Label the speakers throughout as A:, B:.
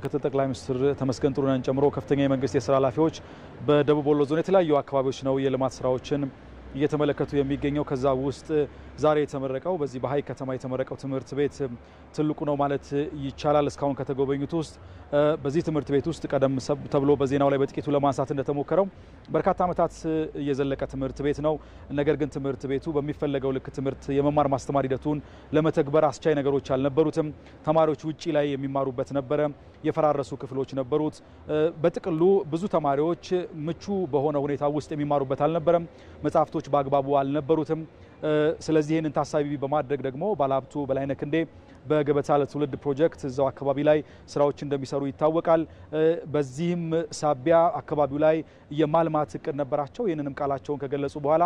A: ምክትል ጠቅላይ ሚኒስትር ተመስገን ጥሩነህን ጨምሮ ከፍተኛ የመንግስት የስራ ኃላፊዎች በደቡብ ወሎ ዞን የተለያዩ አካባቢዎች ነው የልማት ስራዎችን እየተመለከቱ የሚገኘው ከዛ ውስጥ ዛሬ የተመረቀው በዚህ በሀይቅ ከተማ የተመረቀው ትምህርት ቤት ትልቁ ነው ማለት ይቻላል። እስካሁን ከተጎበኙት ውስጥ በዚህ ትምህርት ቤት ውስጥ ቀደም ተብሎ በዜናው ላይ በጥቂቱ ለማንሳት እንደተሞከረው በርካታ ዓመታት የዘለቀ ትምህርት ቤት ነው። ነገር ግን ትምህርት ቤቱ በሚፈለገው ልክ ትምህርት የመማር ማስተማር ሂደቱን ለመተግበር አስቻይ ነገሮች አልነበሩትም። ተማሪዎች ውጪ ላይ የሚማሩበት ነበረ። የፈራረሱ ክፍሎች ነበሩት። በጥቅሉ ብዙ ተማሪዎች ምቹ በሆነ ሁኔታ ውስጥ የሚማሩበት አልነበረም። መጽሐፍቶች በአግባቡ አልነበሩትም። ስለዚህ ይህንን ታሳቢ በማድረግ ደግሞ ባለሀብቱ በላይነ ክንዴ በገበታ ለትውልድ ፕሮጀክት እዛው አካባቢ ላይ ስራዎች እንደሚሰሩ ይታወቃል። በዚህም ሳቢያ አካባቢው ላይ የማልማት እቅድ ነበራቸው። ይህንንም ቃላቸውን ከገለጹ በኋላ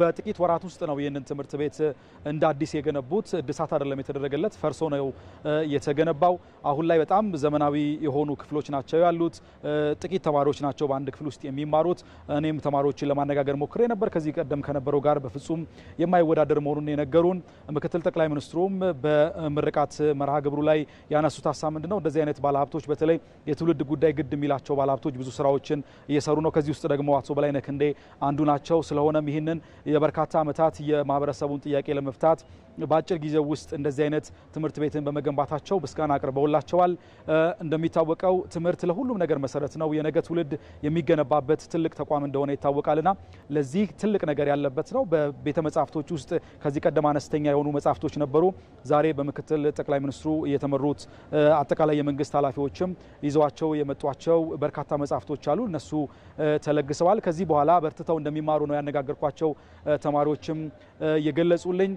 A: በጥቂት ወራት ውስጥ ነው ይህንን ትምህርት ቤት እንደ አዲስ የገነቡት። እድሳት አይደለም የተደረገለት፣ ፈርሶ ነው የተገነባው። አሁን ላይ በጣም ዘመናዊ የሆኑ ክፍሎች ናቸው ያሉት። ጥቂት ተማሪዎች ናቸው በአንድ ክፍል ውስጥ የሚማሩት። እኔም ተማሪዎችን ለማነጋገር ሞክሬ ነበር። ከዚህ ቀደም ከነበረው ጋር በፍጹም የማይወዳደር መሆኑን የነገሩን ምክትል ጠቅላይ ሚኒስትሩም በምርቃት መርሃ ግብሩ ላይ ያነሱት ሀሳብ ምንድን ነው? እንደዚህ አይነት ባለሀብቶች በተለይ የትውልድ ጉዳይ ግድ የሚላቸው ባለሀብቶች ብዙ ስራዎችን እየሰሩ ነው። ከዚህ ውስጥ ደግሞ አቶ በላይነህ ክንዴ አንዱ ናቸው። ስለሆነም ይህንን የበርካታ ዓመታት የማህበረሰቡን ጥያቄ ለመፍታት በአጭር ጊዜ ውስጥ እንደዚህ አይነት ትምህርት ቤትን በመገንባታቸው ምስጋና አቅርበውላቸዋል። እንደሚታወቀው ትምህርት ለሁሉም ነገር መሰረት ነው። የነገ ትውልድ የሚገነባበት ትልቅ ተቋም እንደሆነ ይታወቃልና ለዚህ ትልቅ ነገር ያለበት ነው። በቤተ መጻሕፍቶች ውስጥ ከዚህ ቀደም አነስተኛ የሆኑ መጻሕፍቶች ነበሩ። ዛሬ በምክትል ጠቅላይ ሚኒስትሩ የተመሩት አጠቃላይ የመንግስት ኃላፊዎችም ይዘዋቸው የመጧቸው በርካታ መጻሕፍቶች አሉ። እነሱ ተለግሰዋል። ከዚህ በኋላ በርትተው እንደሚማሩ ነው ያነጋገርኳቸው ተማሪዎችም የገለጹልኝ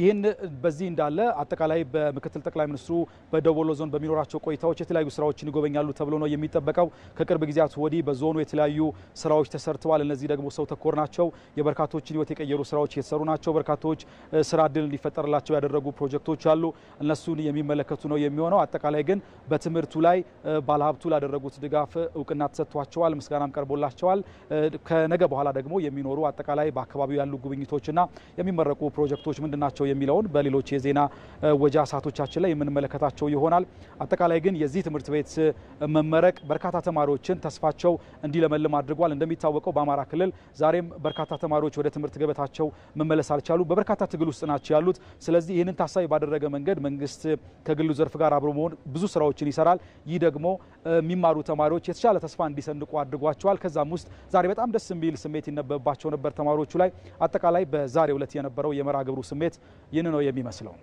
A: ይህን በዚህ እንዳለ አጠቃላይ በምክትል ጠቅላይ ሚኒስትሩ በደቡብ ዞን በሚኖራቸው ቆይታዎች የተለያዩ ስራዎችን ይጎበኛሉ ተብሎ ነው የሚጠበቀው። ከቅርብ ጊዜያት ወዲህ በዞኑ የተለያዩ ስራዎች ተሰርተዋል። እነዚህ ደግሞ ሰው ተኮር ናቸው። የበርካቶችን ህይወት የቀየሩ ስራዎች የተሰሩ ናቸው። በርካቶች ስራ እድል እንዲፈጠርላቸው ያደረጉ ፕሮጀክቶች አሉ። እነሱን የሚመለከቱ ነው የሚሆነው። አጠቃላይ ግን በትምህርቱ ላይ ባለሀብቱ ላደረጉት ድጋፍ እውቅና ተሰጥቷቸዋል፣ ምስጋናም ቀርቦላቸዋል። ከነገ በኋላ ደግሞ የሚኖሩ አጠቃላይ በአካባቢው ያሉ ጉብኝቶችና የሚመረቁ ፕሮጀክቶች ምንድን ናቸው የሚለውን በሌሎች የዜና ወጃ ሰዓቶቻችን ላይ የምንመለከታቸው ይሆናል። አጠቃላይ ግን የዚህ ትምህርት ቤት መመረቅ በርካታ ተማሪዎችን ተስፋቸው እንዲለመልም አድርጓል። እንደሚታወቀው በአማራ ክልል ዛሬም በርካታ ተማሪዎች ወደ ትምህርት ገበታቸው መመለስ አልቻሉ፣ በበርካታ ትግል ውስጥ ናቸው ያሉት። ስለዚህ ይህንን ታሳቢ ባደረገ መንገድ መንግስት ከግሉ ዘርፍ ጋር አብሮ መሆን ብዙ ስራዎችን ይሰራል። ይህ ደግሞ የሚማሩ ተማሪዎች የተሻለ ተስፋ እንዲሰንቁ አድርጓቸዋል። ከዛም ውስጥ ዛሬ በጣም ደስ የሚል ስሜት ይነበብባቸው ነበር ተማሪዎቹ ላይ። አጠቃላይ በዛሬው ዕለት የነበረው የመርሃ ግብሩ ስሜት ይህን ነው የሚመስለው።